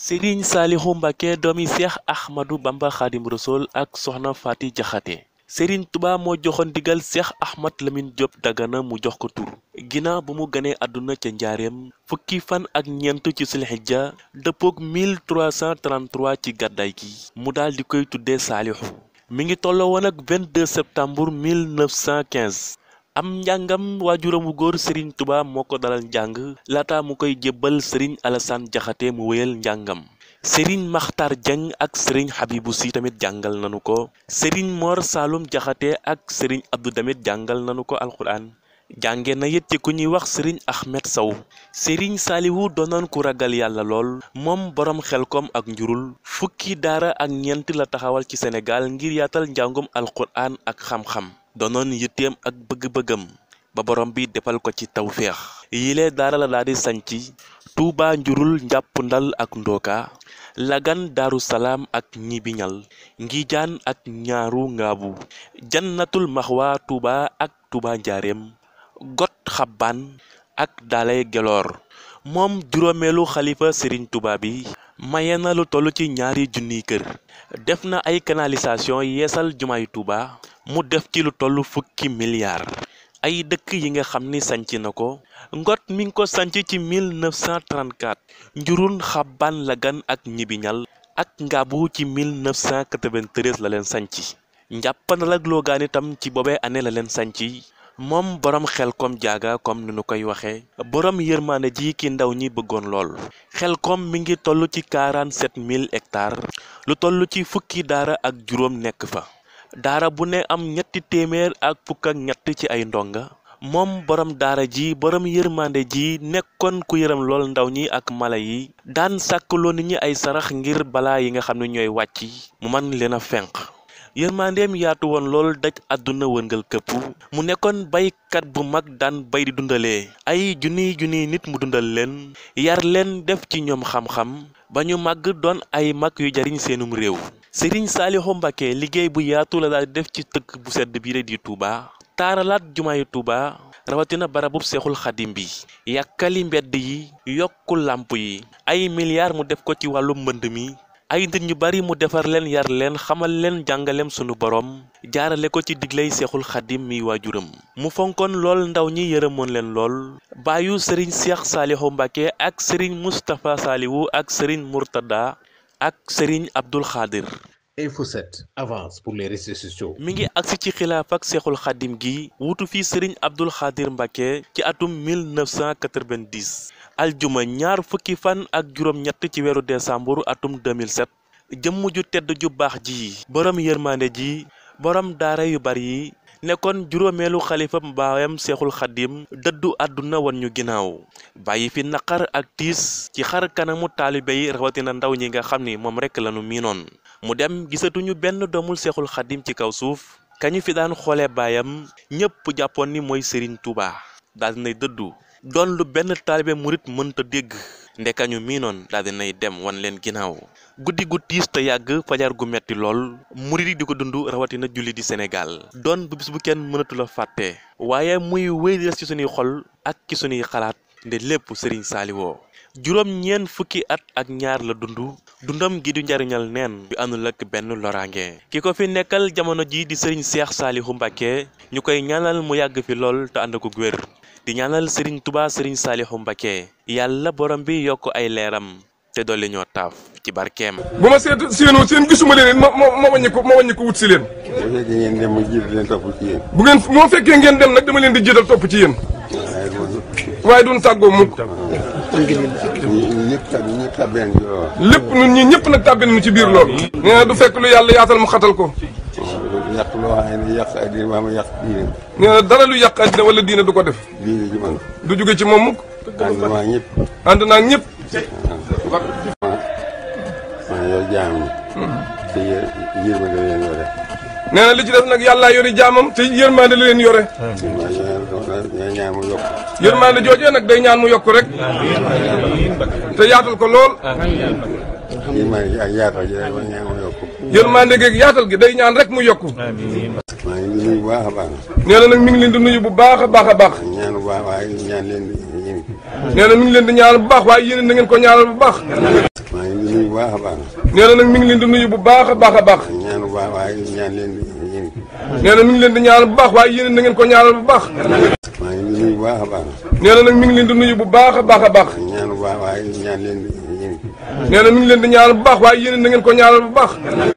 Serigne Saliou Mbacké doomi Seex Ahmadu Bamba Xaadim Rasuul ak soxna Faati Jaxate Serigne Touba moo joxoon digal Seex Ahmad Lamine Diop Dagana mu jox ko tur ginnaaw bu mu ganee àdduna ca njaareem fukki fan ak ñeent ci sulxijja dëppook 1333 ci gàddaay gi mu dal di koy tuddee Saliou mu ngi tolloo woon ak 22 septembre 1915 am njàngam waajuram wu góor Serigne tubaab moo ko dalal njàng laata mu koy jébbal Serigne Alassane Diakhaté mu wéyal njàngam Serigne Makhtar Dieng ak Serigne Habibou Sy tamit jàngal nanu ko Serigne Mor Saloum Diakhaté ak Serigne Abdou Damit jàngal nanu ko alxuraan jànge na it ci ku ñuy wax sëriñ Ahmed saw sëriñ Saaliwu doonoon ku ragal yàlla lool moom boroom xel koom ak njurul fukki daara ak ñeent la taxawal ci Sénégal ngir yaatal njàngum alquran ak xam-xam doonoon yitteem ak bëgg-bëggam ba borom bi defal ko ci tawféex yile daara la daal di sanci tuuba njurul njàpp ndal ak ndooka lagan daaru salaam ak ñibiñal ngijaan ak ñaaru ngaabu jannatul maxwa tuuba ak Touba njaareem got xabbaan ak dalay geloor moom juróomeelu xalifa sëriñ tuba bi maye na lu toll ci ñaari junniy kër def na ay canalisation yeesal jumaay tuba mu def ci lu toll fukki milliard ay dëkk yi nga xam ni sanc na ko ngot mi ngi ko sanc ci 1934 njurun xabbaan lagan ak ñibiñal ak ngabu ci 1993 la leen sanc njàppanal ak loogaan itam ci boobee année la leen sañc moom borom xel koom jaaga comme ni nu koy waxee borom yërmaane ji ki ndaw ñi bëggoon lool xel kom mi ngi toll ci 47000 hectares lu toll ci fukki daara ak juróom nekk fa daara bu ne am ñetti téeméer ak fukk ñett ci ay ndonga moom borom daara ji borom yërmande ji nekkoon ku yëram lool ndaw ñi ak mala yi daan sàkkloo nit ñi ay sarax ngir balaa yi nga xam ne ñooy wàcc mu man leen a fenq yërmandeem yaatu woon lool daj àdduna wërngal këpp mu nekkoon baykat bu mag daan bay di dundalee ay junniy junniy nit mu dundal leen yar leen def ci ñoom xam-xam ba ñu màgg doon ay mag yu jariñ seenum réew sëriñ Saalihu Mbàkke liggéey bu yaatu la daal def ci tëkk bu sedd bi di Touba. taaralaat jumaayu Touba rawatina barabub seexul xadim bi yàkkali mbedd yi yokku làmp yi ay milliards mu def ko ci wàllu mbënd mi ay nit ñu bari mu defar leen yar leen xamal leen jàngaleem sunu borom jaarale ko ci diglay seexul xaddim mi waajuram mu fonkoon lool ndaw ñi yërëmoon leen lool baayu sëriñ seex saalihu mbàkke ak sëriñ mustapha saalihu ak sëriñ murtada ak sëriñ abdul xaadir Info 7 avance pour les réseaux mi ngi agsi ci xilaaf ak seexul xadim gi wutu fi sëriñ abdul xaadir mbàkke ci atum 1990 aljuma ñaar fukki fan ak juróom-ñett ci weeru décembre atum 2007 jëmm ju tedd ju baax ji borom yërmande ji borom daara yu bari yi nekkoon juróomeelu xalifa mbaayam seexul xaddim dëddu àdduna wan ñu ginnaaw bàyyi fi naqar ak tiis ci xar kanamu taalibe yi rawatina ndaw ñi nga xam ni moom rekk lañu miinoon mu dem gisatuñu benn doomul seexul xaddim ci kaw suuf kañu fi daan xoolee baayam ñépp jàppoon ni mooy Serigne Touba daal dinay dëddu doon lu benn taalibe murit mënta dégg ndekañu miinoon daal dinay dem wan leen ginnaaw guddi gu tiis te yàgg fajar gu metti lool murit yi di ko dund rawatina julli di Sénégal doon bu bis bu kenn mënatu la fàtte waaye muy wéy di des ci suñuy xol ak ci suñuy xalaat nde lépp sëriñ saaliwoo juróom ñeen fukki at ak ñaar la dund dundam gi du njariñal neen bi àndul ak benn loraange ki ko fi nekkal jamono ji di sëriñ seex saalihu mbake ñu koy ñaanal mu yàgg fi lool te ànd ak wér di ñaanal sëriñ tubaa sëriñ saalihu mbàkke yàlla borom bi yokk ay leeram te dolli ñoo taaf ci barkeem bu ma seet séenoo seen gisuma leen ma ma wàññi ma wàññi ko si leen moo fekkee ngeen dem nag dama leen di jiital topp ci yéen waaye duñ tàggoo mukk lépp ñun ñi ñëpp nag tàbbi nañu ci biir loolu nee na du fekk lu yàlla yaatal mu xatal ko yàq loo xam ne yàq addina waa ma nee na dara lu yàq addina wala diina du ko def du jóge ci moom mukk ànd naa ñëpp ànd naa ñëpp maa yor jaam ñi te yërmande leen yore yore day ñaan mu yokk. yërmande joojee nag day ñaan mu yokk rek. te yaatal ko lool. yërmande maa ak yaatal gi day ñaan yokk. yërmande gi ak yaatal gi day ñaan rek mu yokk. maa baax a baax. nee na nag mi ngi leen di nuyu bu baax baax a baax. ñaan bu baax waaye ñaan leen di. nee na mi leen di ñaan bu baax waaye yéen na ngeen ko ñaanal bu baax. maa a baax. nee na nag mi ngi leen di nuyu bu baax a baax a baax. ñaan bu waaye ñaan leen di. nee na mi leen di ñaan bu baax waaye yéen na ngeen ko ñaanal bu baax. bu baax a baax. na nag mi ngi leen di nuyu bu baax a baax a baax. ñaan bu baax waaye ñaan leen di. nee na mi ngi leen di ñaan bu baax waaye yéen na ngeen ko ñaanal bu baax.